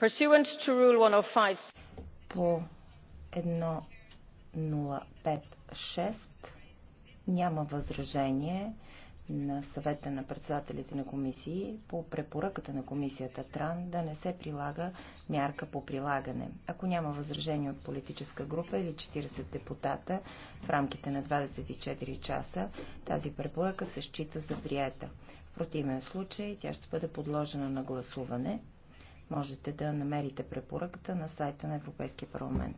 Pursuant to Rule 105. По 1056 няма възражение на съвета на председателите на комисии по препоръката на комисията ТРАН да не се прилага мярка по прилагане. Ако няма възражение от политическа група или 40 депутата в рамките на 24 часа, тази препоръка се счита за приета. В противен случай тя ще бъде подложена на гласуване. Можете да намерите препоръката на сайта на Европейския парламент.